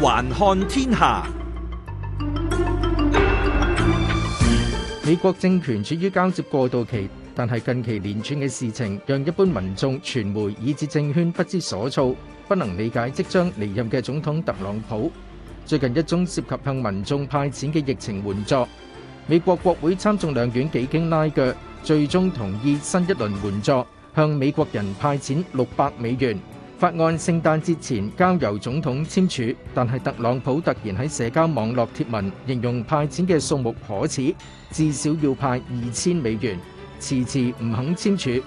環看天下，美國政權處於交接過渡期，但係近期連串嘅事情讓一般民眾、傳媒以至政圈不知所措，不能理解。即將離任嘅總統特朗普最近一宗涉及向民眾派錢嘅疫情援助，美國國會參眾兩院幾經拉鋸，最終同意新一輪援助。向美國人派錢六百美元，法案聖誕節前交由總統簽署，但係特朗普突然喺社交網絡貼文，形容派錢嘅數目可恥，至少要派二千美元，遲遲唔肯簽署。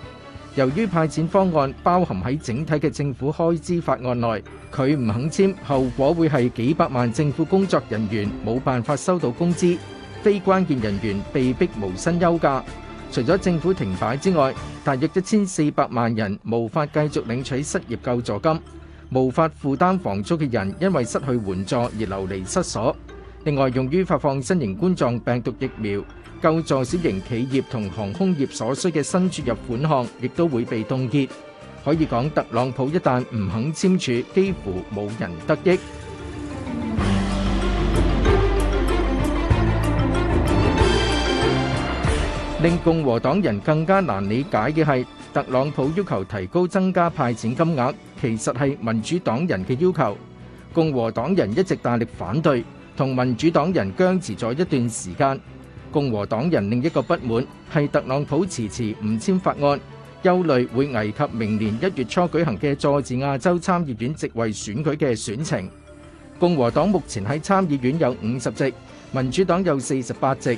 由於派錢方案包含喺整體嘅政府開支法案內，佢唔肯簽，後果會係幾百萬政府工作人員冇辦法收到工資，非關鍵人員被逼無薪休假。除咗政府停擺之外，大約一千四百萬人無法繼續領取失業救助金，無法負擔房租嘅人因為失去援助而流離失所。另外，用於發放新型冠狀病毒疫苗、救助小型企業同航空業所需嘅新注入款項，亦都會被凍結。可以講，特朗普一旦唔肯簽署，幾乎冇人得益。令共和黨人更加難理解嘅係，特朗普要求提高增加派錢金額，其實係民主黨人嘅要求。共和黨人一直大力反對，同民主黨人僵持咗一段時間。共和黨人另一個不滿係特朗普遲遲唔簽法案，憂慮會危及明年一月初舉行嘅佐治亞州參議院席位選舉嘅選情。共和黨目前喺參議院有五十席，民主黨有四十八席。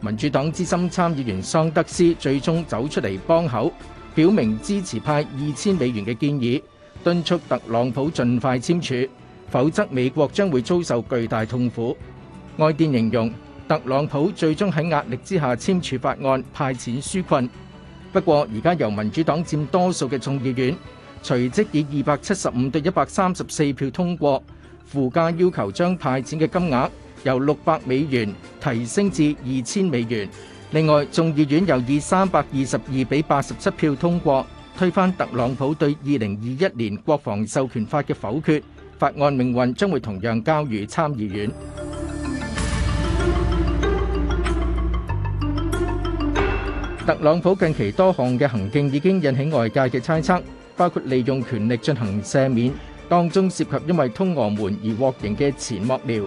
民主黨資深參議員桑德斯最終走出嚟幫口，表明支持派二千美元嘅建議，敦促特朗普盡快簽署，否則美國將會遭受巨大痛苦。外電形容特朗普最終喺壓力之下簽署法案派錢紓困。不過而家由民主黨佔多數嘅眾議院，隨即以二百七十五對一百三十四票通過附加要求將派錢嘅金額由六百美元提升至二千美元。另外，眾議院又以三百二十二比八十七票通過推翻特朗普對二零二一年國防授權法嘅否決法案，命運將會同樣交予參議院。特朗普近期多項嘅行徑已經引起外界嘅猜測，包括利用權力進行赦免，當中涉及因為通俄門而獲刑嘅前幕僚。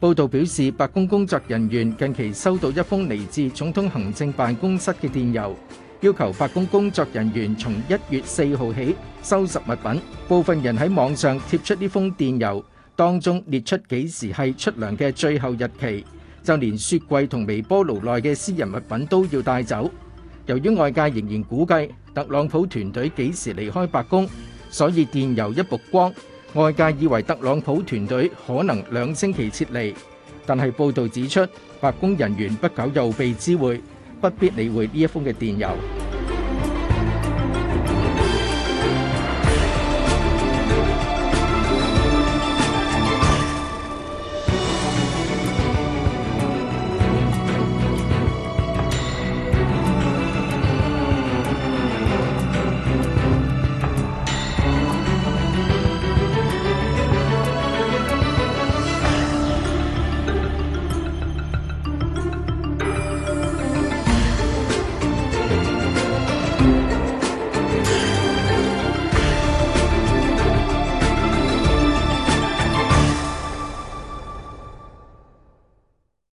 報道表示，白宮工作人員近期收到一封嚟自總統行政辦公室嘅電郵，要求白宮工作人員從一月四號起收拾物品。部分人喺網上貼出呢封電郵，當中列出幾時係出糧嘅最後日期，就連雪櫃同微波爐內嘅私人物品都要帶走。由於外界仍然估計特朗普團隊幾時離開白宮，所以電郵一曝光，外界以為特朗普團隊可能兩星期撤離，但係報道指出，白宮人員不久又被知會，不必理會呢一封嘅電郵。